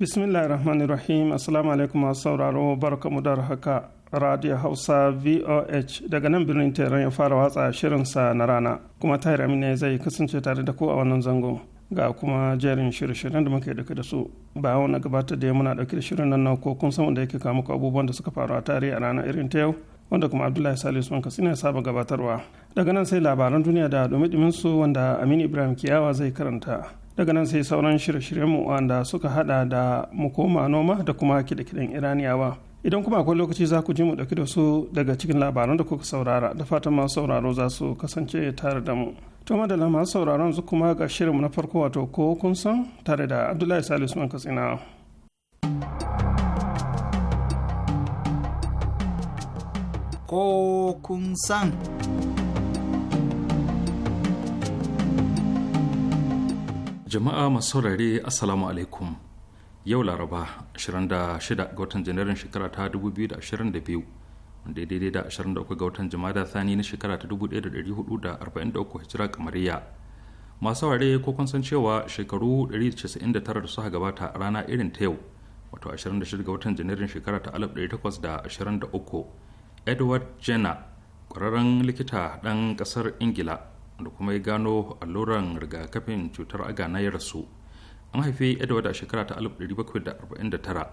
bismillahi rahmani rahim assalamu alaikum masu sauraro barkamu da haka radio hausa voh daga nan birnin teran ya fara watsa shirinsa na rana kuma tahir amina zai kasance tare da ku a wannan zango. ga kuma jerin shirye-shiryen da muke dauke da su ba wani gabatar da ya muna dauke da shirin nan ko kun san da yake kawo muku abubuwan da suka faru a tarihi a rana irin ta yau wanda kuma abdullahi salisu wanka suna saba gabatarwa daga nan sai labaran duniya da dumi su wanda aminu ibrahim kiyawa zai karanta daga nan sai sauran shirye-shiryenmu wanda suka hada da mukoma noma da kuma kiɗe-kiɗen ba idan kuma akwai lokaci za ku ji mu ɗauki da su daga cikin labaran da kuka saurara da fatan masu sauraro za su kasance tare da mu to madalla masu sauraron su kuma ga shirinmu na farko wato ko kun san tare da abdullahi salisu man katsina ko kun san jama'a masu saurare assalamu alaikum yau laraba 26 ga watan janairun shekara ta 2022 wanda daidai da 23 ga watan jama'a thani na shekara ta 1443 hijira kamariya masu ware ko kwanson cewa shekaru 199 da suka gabata a rana irin ta yau wato 26 ga watan janairun shekara ta 1823 edward jenner kwararren likita ɗan ƙasar ingila da kuma ya gano alluran rigakafin cutar aga na ya rasu an haifi edward a shekara ta 1749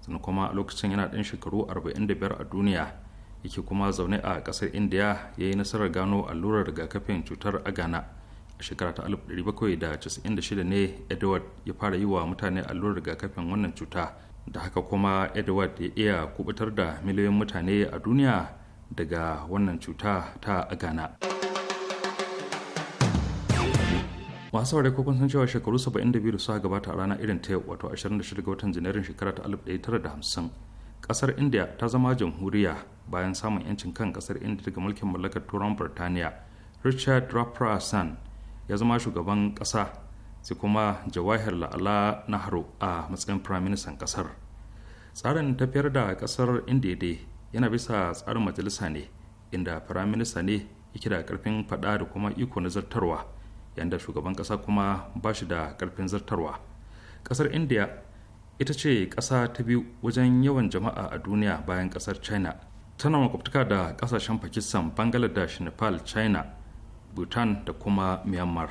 sannan kuma a lokacin yana ɗan shekaru 45 a duniya yake kuma zaune a ƙasar india ya yi nasarar gano allurar rigakafin cutar agana a shekara ta 1796 ne edward ya fara yi wa mutane allurar rigakafin wannan cuta da haka kuma edward ya iya kubutar da miliyoyin mutane a duniya daga wannan cuta ta agana. masu saurari ko kun san cewa shekaru 72 da suka gabata a ranar irin ta yau wato 26 ga watan janairun shekara ta 1950 kasar india ta zama jamhuriya bayan samun yancin kan kasar india daga mulkin mallakar turan birtaniya richard raprasan ya zama shugaban kasa sai kuma jawahir la'ala nahru a matsayin firaministan kasar tsarin tafiyar da kasar india dai yana bisa tsarin majalisa ne inda firaminista ne yake da karfin fada da kuma iko na zartarwa yanda shugaban kasa kuma ba shi da karfin zartarwa ƙasar india ita ce ƙasa ta biyu wajen yawan jama'a a duniya bayan ƙasar china tana makwabtaka da kasashen pakistan bangladesh nepal china bhutan da kuma myanmar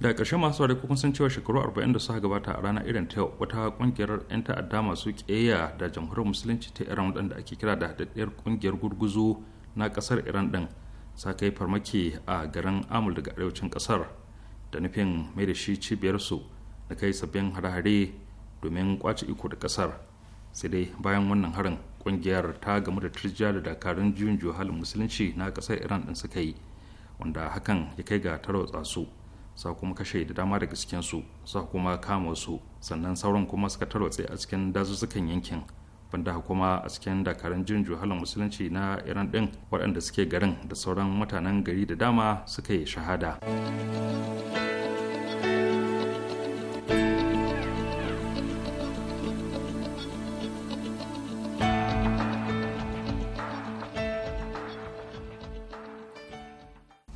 da ƙarshe masu wari kun san cewa shekaru 40 da suka gabata a rana irin ta yau wata ƙungiyar 'yan ta'adda masu ƙeya da jamhuriyar musulunci ta iran wadanda ake kira da haɗaɗɗiyar ƙungiyar gurguzu na ƙasar iran ɗin sa kai farmaki a garin amul daga arewacin kasar da nufin mai da shi cibiyarsu da kai sabbin hare-hare domin kwace iko da kasar sai dai bayan wannan harin kungiyar ta gamu da turjiya da dakarun juyin halin musulunci na kasar iran din suka yi wanda hakan ya kai ga tarwatsa su sa kuma kashe da dama daga cikinsu sa kuma kama su sannan sauran kuma suka tarwatse a cikin dazuzzukan yankin banda kuma a cikin dakarun jin juhalar musulunci na iran din waɗanda suke garin da sauran mutanen gari da dama suka yi shahada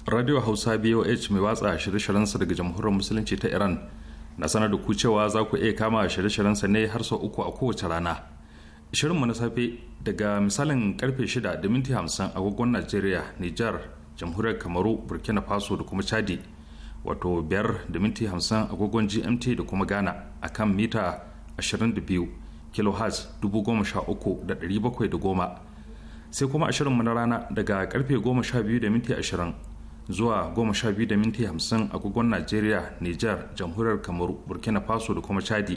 radio hausa boh mai watsa shirye-shiryensa daga jamhuriyar musulunci ta iran na sanar da ku cewa za ku iya kama shirye-shiryensa ne har sau uku a kowace rana shirinmu na safe daga misalin karfe 6 da minti 50 agogon najeriya nijar jamhuriyar kamaru burkina faso da kuma chadi wato 5 da minti 50 agogon gmt da kuma ghana a kan mita 22 kilohertz 13710 sai kuma ashirinmu na rana daga karfe 12 da minti 20 zuwa 12 da minti 50 agogon najeriya nijar jamhuriyar kamaru burkina faso da kuma chadi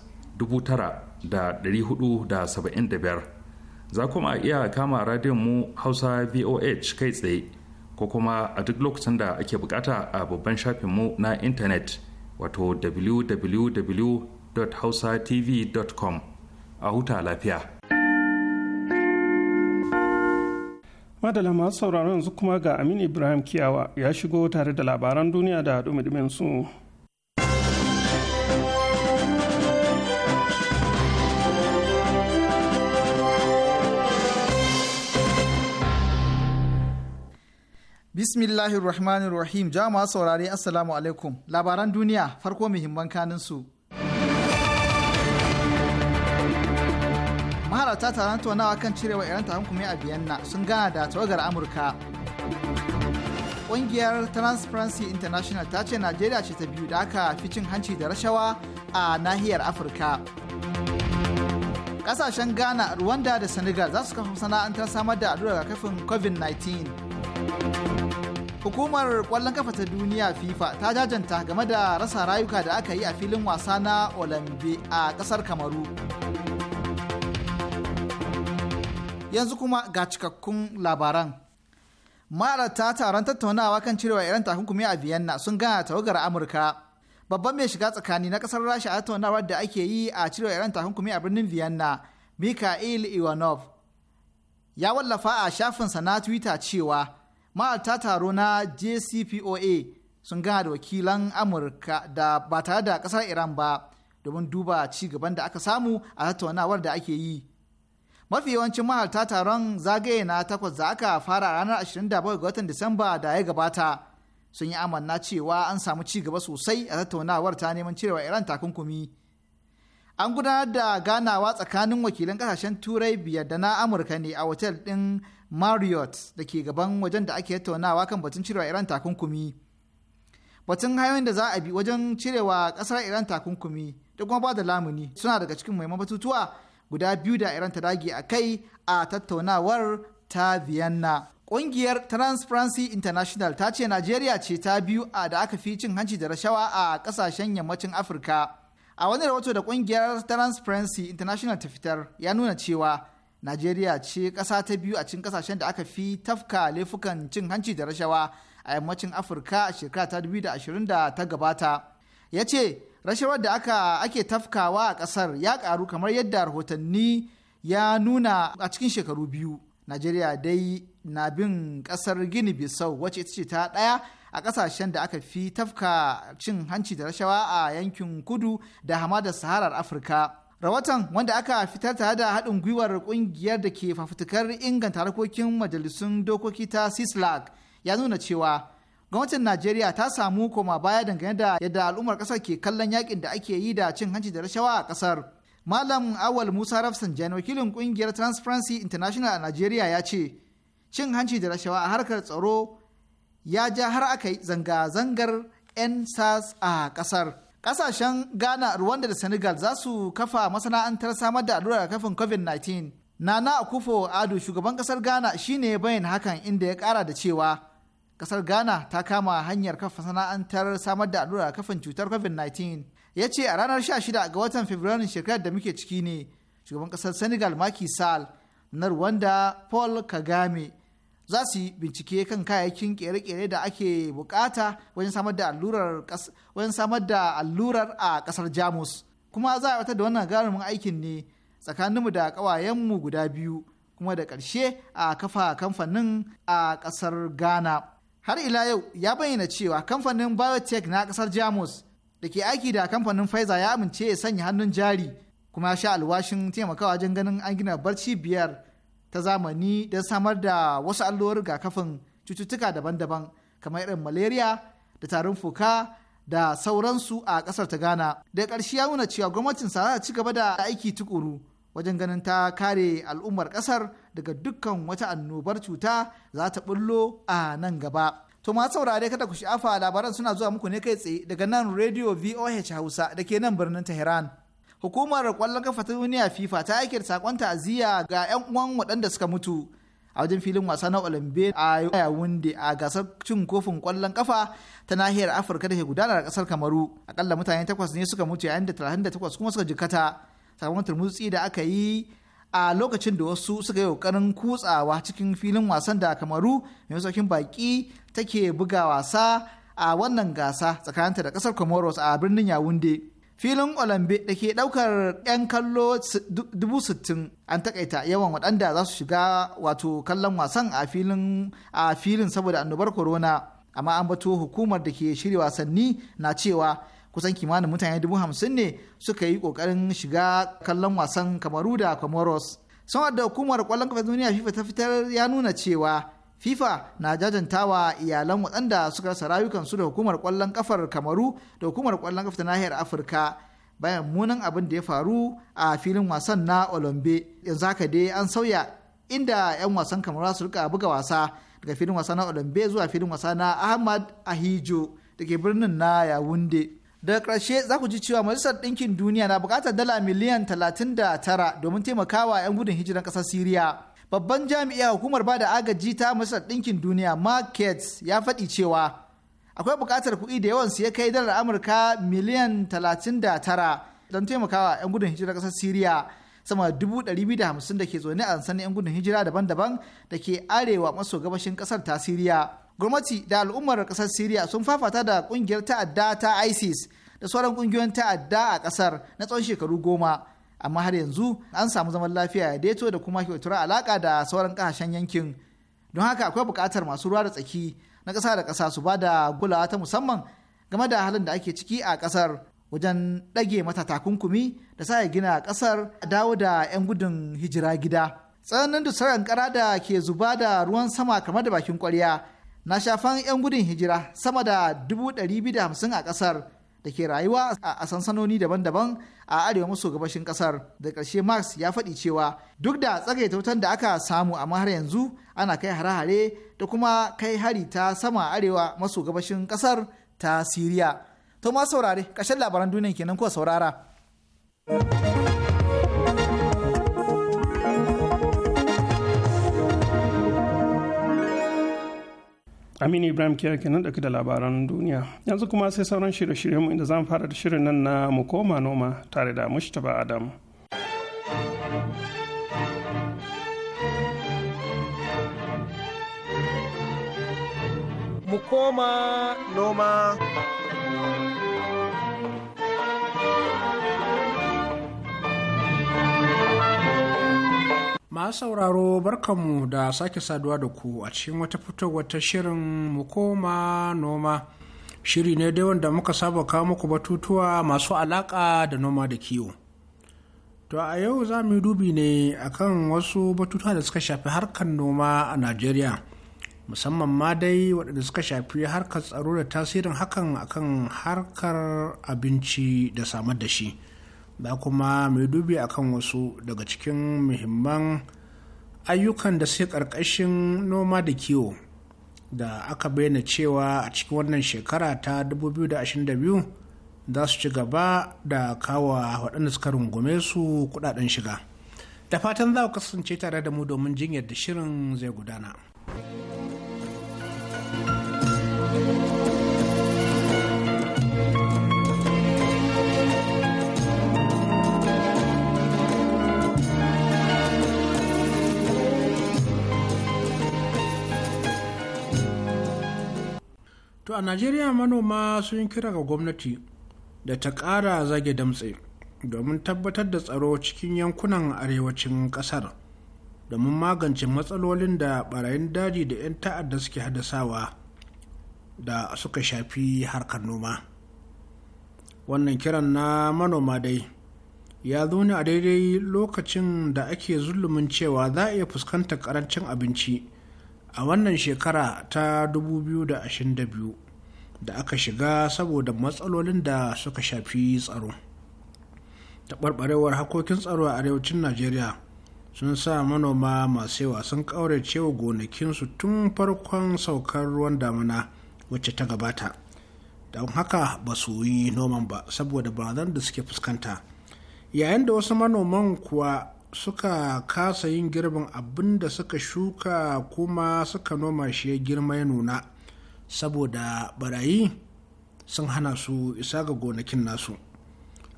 9475 za kuma iya kama radiyon mu hausa voh kai tsaye ko kuma a duk lokacin da ake bukata a babban mu na intanet wato www.hausatv.com a huta lafiya. Madala masu sauraron yanzu kuma ga Aminu Ibrahim Kiyawa ya shigo tare da labaran duniya da dumi su. Bismillahir Rahmanir Rahim. Jama'a saurare Assalamu alaikum. Labaran duniya farko muhimman kanin su. Mahalarta taron tonawa kan cirewa Iran takunkumi a Vienna sun gana da tawagar Amurka. Ƙungiyar Transparency International ta ce Najeriya ce ta biyu da aka fi cin hanci da rashawa a nahiyar Afirka. Ƙasashen Ghana, Rwanda da Senegal za su kafa sana'antar samar da allurar kafin COVID-19. Hukumar kwallon kafa ta duniya FIFA ta jajanta game da rasa rayuka da aka yi a filin wasa na Olambe a kasar Kamaru. Yanzu kuma ga cikakkun labaran. Ma'arata taron tattaunawa kan cirewa Iran takunkumi a Vienna sun gana tawagar Amurka. Babban mai shiga tsakani na kasar Rasha a tattaunawar da ake yi a cirewa Iran takunkumi a birnin Vienna, Mikhail Ivanov. Ya wallafa a shafinsa na Twitter cewa ma'aikata taro na jcpoa sun gana da wakilan amurka da ba tare da kasar iran ba domin duba ci gaban da aka samu a tattaunawar da ake yi mafi yawancin mahalta taron zagaye na takwas da aka fara a ranar 27 ga watan disamba da ya gabata sun yi amanna cewa an samu ci gaba sosai a tattaunawar ta neman cirewa iran takunkumi an gudanar da ganawa tsakanin wakilan kasashen turai biyar da na amurka ne a otel din marriott da ke gaban wajen da ake tattaunawa kan batun cirewa iran takunkumi batun hanyoyin da za a bi wajen cirewa kasar iran takunkumi da kuma ba da lamuni suna daga cikin muhimman batutuwa guda biyu da iran ta dage a kai a tattaunawar ta vienna Ƙungiyar Transparency International ta ce Najeriya ce ta biyu a da aka fi cin hanci da rashawa a ƙasashen yammacin Afirka. a wani rahoto da kungiyar transparency international ta fitar ya nuna cewa najeriya ce kasa ta biyu a cikin kasashen da aka fi tafka laifukan cin hanci da rashawa a yammacin afirka a shekara ta 2020 da ta gabata ya ce rashawar da aka ake tafkawa a kasar ya karu kamar yadda rahotanni ya nuna a cikin shekaru biyu najeriya dai na bin kasar gini bisau wacce ita ce ta ɗaya a kasashen da aka fi tafka cin hanci da rashawa a yankin kudu da hamadar saharar afirka rawatan wanda aka fitar tare da haɗin gwiwar ƙungiyar da ke fafutukar inganta harkokin majalisun dokoki ta sislak ya nuna cewa gwamnatin najeriya ta samu koma baya dangane da yadda al'ummar ƙasar ke kallon yakin da ake yi da cin hanci da rashawa a ƙasar malam awal musa rafsan jan wakilin ƙungiyar transparency international a najeriya ya ce cin hanci da rashawa a harkar tsaro ya ja har aka yi zanga-zangar 'yan sas a kasar kasashen ghana rwanda da senegal za su kafa masana'antar samar da allurar kafin covid-19 nana akufo ado shugaban kasar ghana shine bayan hakan inda ya kara da cewa kasar ghana ta kama hanyar kafa masana'antar samar da allurar kafin cutar covid-19 ya ce a ranar 16 ga watan fabrairun shekarar da muke ciki ne shugaban kasar senegal maki sal na rwanda paul kagame za su yi bincike kan kayayyakin kere-kere da ake bukata wajen samar da allurar wajen samar da allurar a kasar jamus kuma za a wata da wannan gagarumin aikin ne tsakaninmu da ƙawayenmu guda biyu kuma da ƙarshe a kafa kamfanin a ƙasar ghana har ila yau ya bayyana cewa kamfanin biotech na ƙasar jamus da ke aiki da kamfanin pfizer ya amince ya sanya hannun jari kuma ya sha alwashin taimakawa wajen ganin an gina barci biyar ta zamani don samar da wasu allurar rigakafin cututtuka daban-daban kamar irin malaria da tarin fuka da sauransu a kasar ta ghana da ƙarshe ya nuna cewa gwamnatin sa za ci gaba da aiki tukuru wajen ganin ta kare al'ummar ƙasar daga dukkan wata annobar cuta za ta bullo a nan gaba to ma saurare kada ku sha'afa labaran suna zuwa muku ne kai tsaye daga nan radio voh hausa da ke nan birnin tehran hukumar kwallon kafa ta duniya fifa ta aike da sakon ta'aziyya ga 'yan uwan waɗanda suka mutu a wajen filin wasa na olambe a wunde a gasar cin kofin kwallon kafa ta nahiyar afirka da ke gudana a kasar kamaru akalla mutane takwas ne suka mutu yayin da talatin da takwas kuma suka jikata sakamakon turmutsi da aka yi a lokacin da wasu suka yi kokarin kutsawa cikin filin wasan da kamaru mai saukin baki take buga wasa a wannan gasa tsakaninta da kasar comoros a birnin yawunde filin olambe da ke daukar 'yan kallo 60,000 an takaita yawan waɗanda za su shiga wato kallon wasan a filin saboda annobar corona amma an bato hukumar da ke shirya wasanni na cewa kusan kimanin mutane dubu hamsin ne suka yi kokarin shiga kallon wasan kamaru da comoros sanar da hukumar kwallon kafa duniya fifa ta fitar ya nuna cewa FIFA na jajantawa iyalan waɗanda suka rasa rayukansu da hukumar kwallon kafar Kamaru da hukumar ƙwallon kafar nahiyar Afirka bayan munan abin da ya faru a filin wasan na Olombe. Yanzu haka dai an sauya inda 'yan wasan Kamaru su rika buga wasa daga filin wasa na Olombe zuwa filin wasa na Ahmad Ahijo da ke birnin na Yawunde. da karshe za ku ji cewa Majalisar Ɗinkin Duniya na buƙatar dala miliyan 39 domin taimakawa 'yan gudun hijiran kasar Siriya. babban jami'a hukumar ba da agaji ta masar ɗinkin duniya markets ya faɗi cewa akwai buƙatar kuɗi da yawan ya kai dalar amurka miliyan 39 don taimakawa 'yan gudun hijira ƙasar siriya sama da 250 da ke zaune a sannan 'yan gudun hijira daban-daban da ke arewa maso gabashin ƙasar ta siriya gwamnati da al'ummar ƙasar siriya sun fafata da ƙungiyar ta'adda ta isis da sauran ƙungiyoyin ta'adda a ƙasar na tsawon shekaru goma amma har yanzu an samu zaman lafiya ya daito da kuma kyautar alaka da sauran kasashen yankin don haka akwai buƙatar masu ruwa da tsaki na ƙasa da ƙasa su ba da gulawa ta musamman game da halin da ake ciki a ƙasar wajen ɗage mata takunkumi da sa gina ƙasar dawo da 'yan gudun hijira gida tsananin dusar ƙanƙara da ke zuba da ruwan sama kamar da bakin ƙwarya na shafan 'yan gudun hijira sama da 250 a ƙasar da ke rayuwa a sansanoni daban-daban a arewa maso gabashin kasar da ƙarshe marx ya faɗi cewa duk da tsagaita wutan da aka samu amma har yanzu ana kai hare-hare da kuma kai hari ta sama arewa maso gabashin kasar ta siriya to ma saurare ƙarshen labaran duniya kenan ko saurara. Aminu Ibrahim Kiyar ke nan da labaran duniya. Yanzu kuma sai sauran shirye-shiryenmu inda zan fara da shirin nan na mu koma noma tare da Mustapha Adam. Mu koma noma. masu sauraro barkanmu da sake saduwa da ku a cikin wata fitowar ta shirin mu koma noma shiri ne dai wanda muka saba kawo muku batutuwa masu alaƙa da noma da kiwo to a yau za mu yi dubi ne akan wasu batutuwa da suka shafi harkar noma a najeriya musamman ma dai waɗanda suka shafi harkar tsaro da tasirin hakan akan harkar abinci da samar da shi. za kuma mai dubi a kan wasu daga cikin muhimman ayyukan da sai ƙarƙashin noma da kiwo da aka bayyana cewa a cikin wannan shekara ta 2022 za su ci gaba da kawo waɗanda suka rungume su kudaden shiga da fatan za ku kasance tare da mu domin jin yadda shirin zai gudana. to a najeriya manoma sun kira ga gwamnati da ta ƙara zage damtse domin tabbatar da tsaro cikin yankunan arewacin ƙasar domin magance matsalolin da barayin daji da 'yan ta'adda suke haddasawa da suka shafi harkar noma wannan kiran na manoma dai ya zo ne a daidai lokacin da ake zulumin cewa za a iya fuskantar ƙarancin abinci a wannan shekara ta 2022 da aka shiga saboda matsalolin da suka shafi tsaro taɓarɓarewar hakokin tsaro a arewacin najeriya sun sa manoma masu yawa sun ƙaurace cewa gonakinsu tun farkon saukar ruwan damina wacce ta gabata don haka ba su yi noman ba saboda barazan da suke fuskanta yayin da wasu manoman kuwa suka kasa yin girbin abinda suka shuka kuma suka noma shi ya girma ya nuna saboda barayi sun hana su isa ga gonakin nasu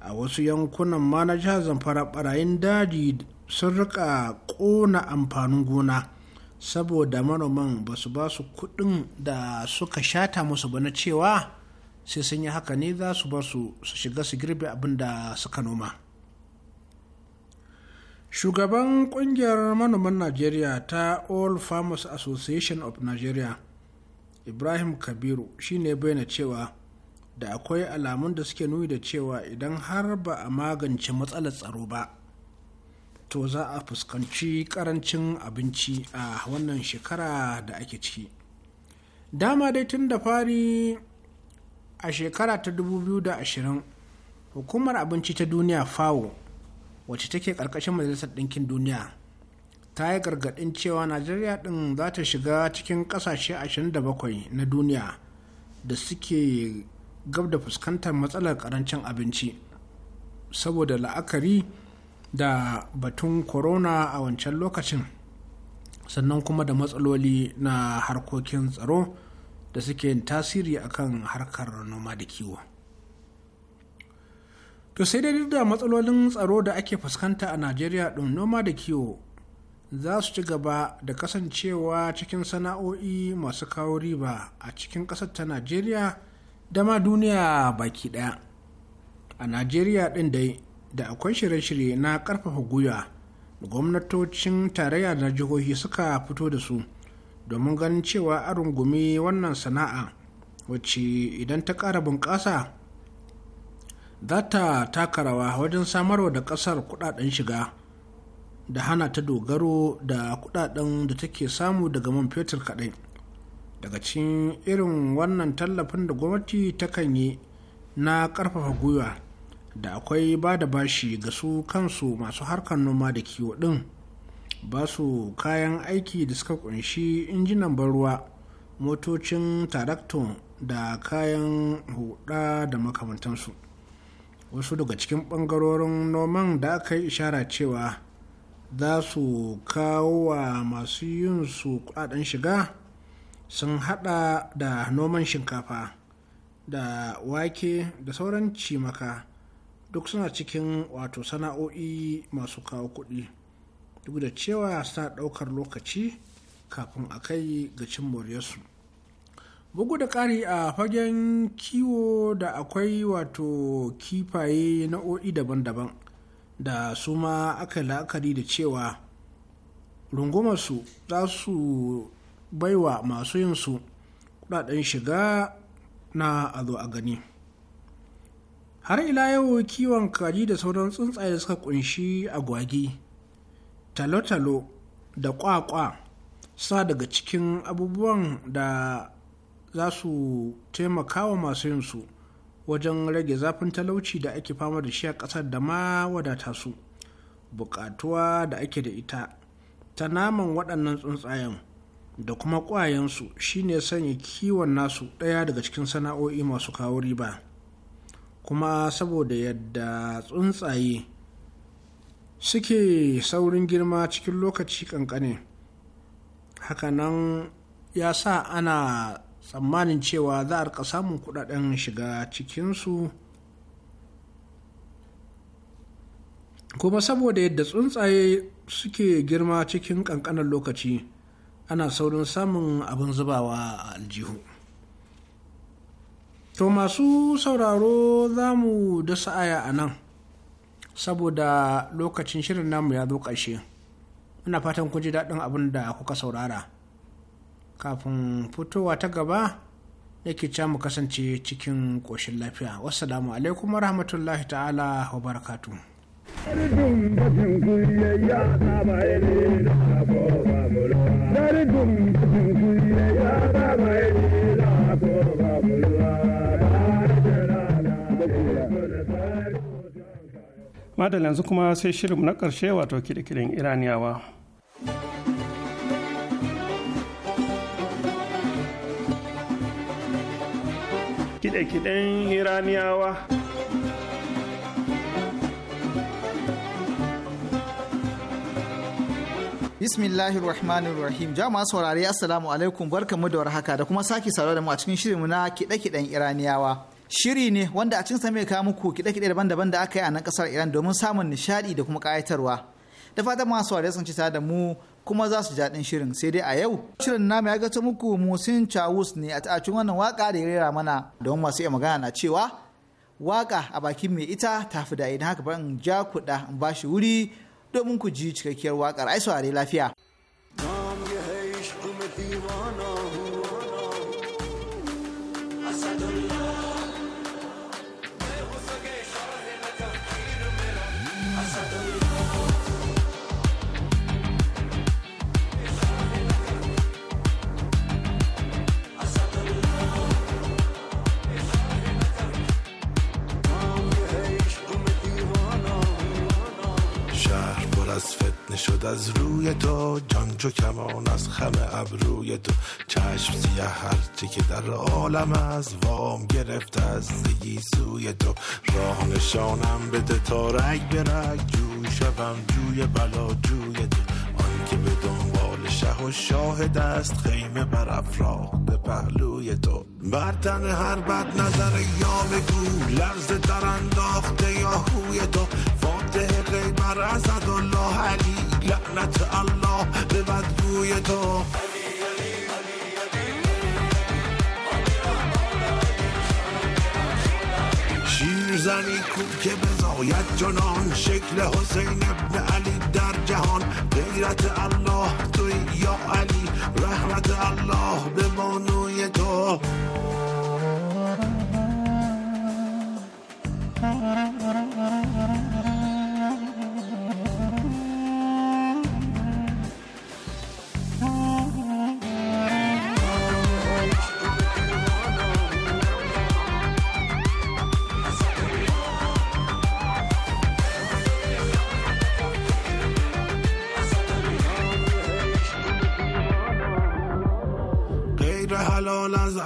a wasu yankunan ma na jihar zamfara barayin daji sun rika kona amfanin gona saboda manoman ba su ba su kudin da suka shata musu ba na cewa sai sun yi haka ne za su ba su shiga su girbe abin da suka noma shugaban kungiyar manoman najeriya ta all farmers association of nigeria ibrahim kabiru shine bayyana cewa da akwai alamun da suke nuni da cewa idan har ba a magance matsalar tsaro ba to za a fuskanci karancin abinci a wannan shekara da ake ciki dama dai tun da fari a shekara ta 2020 hukumar abinci ta duniya fawo wacce take ƙarƙashin majalisar ɗinkin duniya ta yi gargaɗin cewa najeriya ɗin za ta shiga cikin ƙasashe 27 na duniya da suke gab da fuskantar matsalar ƙarancin abinci saboda la'akari da batun corona a wancan lokacin sannan kuma da matsaloli na harkokin tsaro da suke tasiri akan harkar noma da kiwo. to sai dai da matsalolin tsaro da ake fuskanta a najeriya ɗin noma da kiwo za su ci gaba da kasancewa cikin sana'o'i masu kawo riba a cikin ƙasar ta najeriya da ma duniya baki ɗaya a najeriya ɗin dai da akwai shirye-shirye na ƙarfafa gwiwa gwamnatocin tarayya na jihohi suka fito da su domin ganin cewa a rungumi wannan sana'a wacce idan ta ƙara bunƙasa za taka rawa wajen samarwa da kasar kudaden shiga da hana ta dogaro da kudaden da take samu daga man fetur kadai daga cikin irin wannan tallafin da gwamnati ta kan yi na karfafa gwiwa da akwai ba da bashi ga su kansu masu harkar noma da kiwo ɗin ba su kayan aiki da suka kunshi injinan ban ruwa motocin tarakto da kayan huda da makamantansu wasu daga cikin ɓangarorin noman da aka yi ishara cewa za su kawo wa masu yin su kudaden shiga sun hada da noman shinkafa da wake da sauran cimaka duk suna cikin wato sana'o'i masu kawo kuɗi duk da cewa suna ɗaukar lokaci kafin a kai ga cin moriyarsu bugu da ƙari a fagen kiwo da akwai wato kifaye na'o'i daban-daban da su ma aka la'akari da cewa rungumarsu za su baiwa masu yin su kudaden shiga na azo a gani har ila yau kiwon kaji da sauran tsuntsaye da suka kunshi agwagi talo-talo da kwakwa sa daga cikin abubuwan da za su taimaka wa masu yin su wajen rage zafin talauci da ake fama da shi a ƙasar da ma wadata su buƙatuwa da ake da ita ta naman waɗannan tsuntsayen da kuma ƙwayensu shine sanya kiwon nasu ɗaya daga cikin sana'o'i masu kawo riba kuma saboda yadda tsuntsaye suke saurin girma cikin lokaci ƙanƙane hakanan ya sa ana tsammanin cewa za a rika samun kudaden shiga cikinsu kuma saboda yadda tsuntsaye suke girma cikin kankanin lokaci ana saurin samun abin zubawa a aljihu to masu sauraro za mu da sa'aya a nan saboda lokacin shirin namu ya zo ƙarshe ina fatan ku ji daɗin abin da kuka saurara kafin fitowa ta gaba nake ca mu kasance cikin ƙoshin lafiya wassalamu alaikum rahmatullahi ta'ala wa barakatu madalla yanzu kuma sai shirin na ƙarshe wato kiɗe-kiɗen iraniyawa kiɗe-kiɗen iraniyawa rahim Jama'a saurare Assalamu alaikum barkamu da warhaka da kuma sake saro da mu a cikin shirinmu na kiɗe-kiɗen Iraniyawa. Shiri ne wanda a cikin mai kawo muku kiɗe-kiɗe daban-daban da aka yi a nan ƙasar Iran domin samun nishaɗi da kuma ƙayatarwa. Da fatan masu saurare sun ci da mu kuma za su daɗin shirin sai dai a yau shirin namu ya gata muku musin chawus ne a cikin wannan waka da ya rera mana don masu iya magana na cewa waka a bakin mai ita ta fi da idan haka ban ja kuɗa in ba shi wuri domin ku ji cikakkiyar wakar ai saurare lafiya شد از روی تو جان چو کمان از خم ابروی تو چشم سیه هرچه که در عالم از وام گرفت از زگی سوی تو راه نشانم بده تا رگ به رگ شوم جوی بلا جوی تو که به دنبال شه و شاهد است خیمه بر به پهلوی تو بر تن هر بد نظر یا بگو لرز در انداخته یا خوی تو فاتح غیبر اسدالله علی لعنت الله به بدگوی تو زنی کوب که بزاید جنان شکل حسین ابن علی در جهان غیرت الله توی یا علی رحمت الله به بانوی تو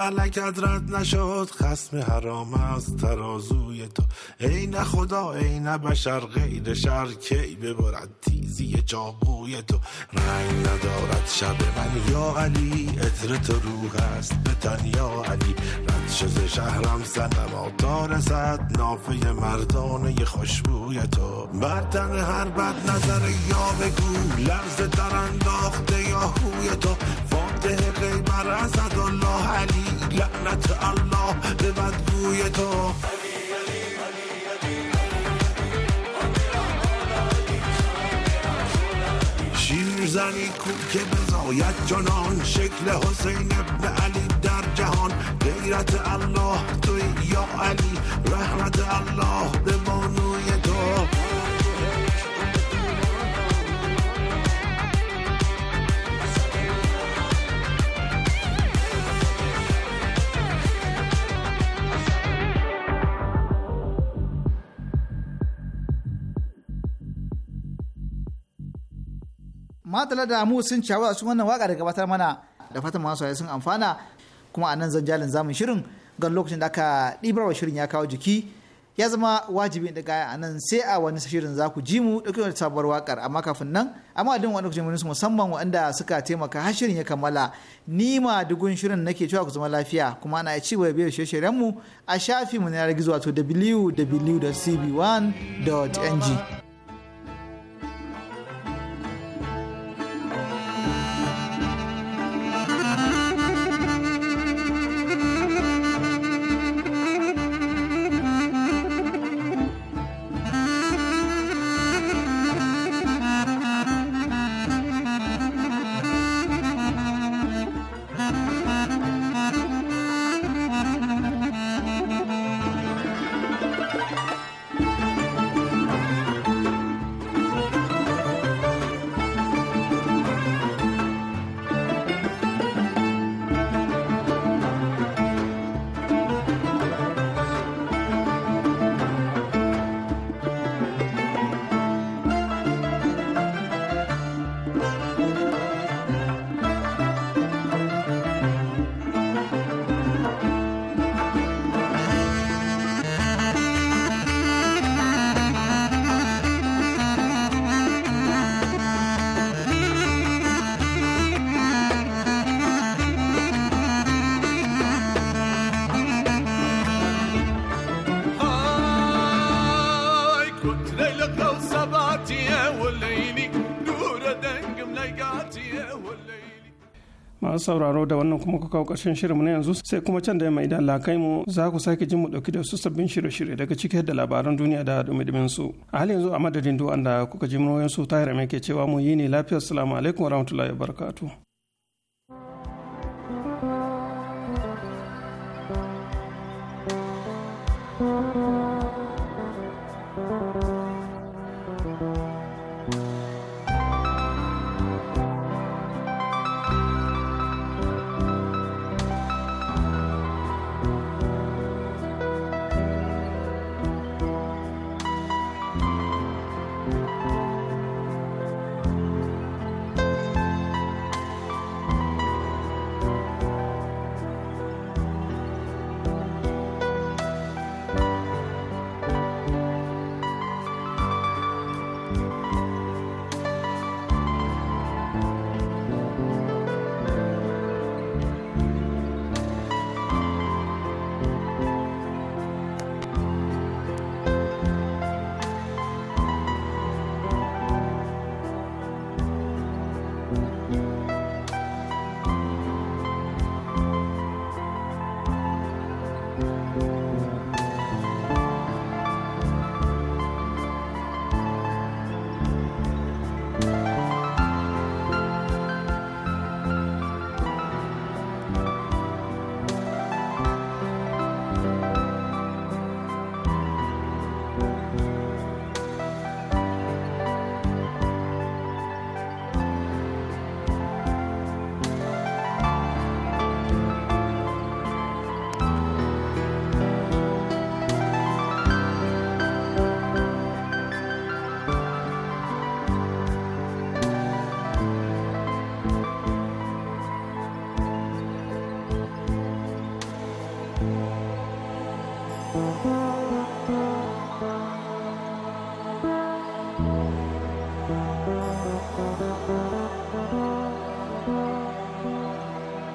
فلکت رد نشد خسم حرام از ترازوی تو ای نه خدا ای نه بشر غیر شر کی ببرد تیزی چاقوی تو رنگ ندارد شب من یا علی اطر تو روح است بتن یا علی رد شد شهرم سنما تا رسد نافه مردانه خوشبوی تو بر هر بد نظر یا بگو لرز در انداخته یا هوی تو ده غیبر ازد الله علی لعنت الله به بدگوی تو زنی کو که بزاید جانان شکل حسین ابن علی در جهان غیرت الله توی یا علی رحمت الله به بانوی تو matala da mu sun cewa su wannan waka da gabatar mana da fatan masu sun amfana kuma a nan zan zanjalin zamun shirin gan lokacin da aka ɗibarwa shirin ya kawo jiki ya zama wajibi daga a nan sai a wani shirin za ku ji mu ɗauki wani sabuwar wakar amma kafin nan amma din wani lokacin wani musamman wanda suka taimaka har shirin ya kammala ni ma dugun shirin nake cewa ku zama lafiya kuma ana ci gaba biyar shirye-shiryen mu a shafi mu na yanar gizo wato www.cb1.ng. sauraro da wannan kuma kuka kawo ƙarshen shirinmu na yanzu sai kuma can da yamma idan lakai mu za ku sake jin mu ɗauki da su sabbin shirye-shirye daga cikin da labaran duniya da dumidumin su. A hali yanzu a madadin duwan da kuka ji muryoyin su tahir ke cewa mu yi ne lafiyar salamu alaikum wa rahmatullahi wa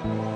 Thank you.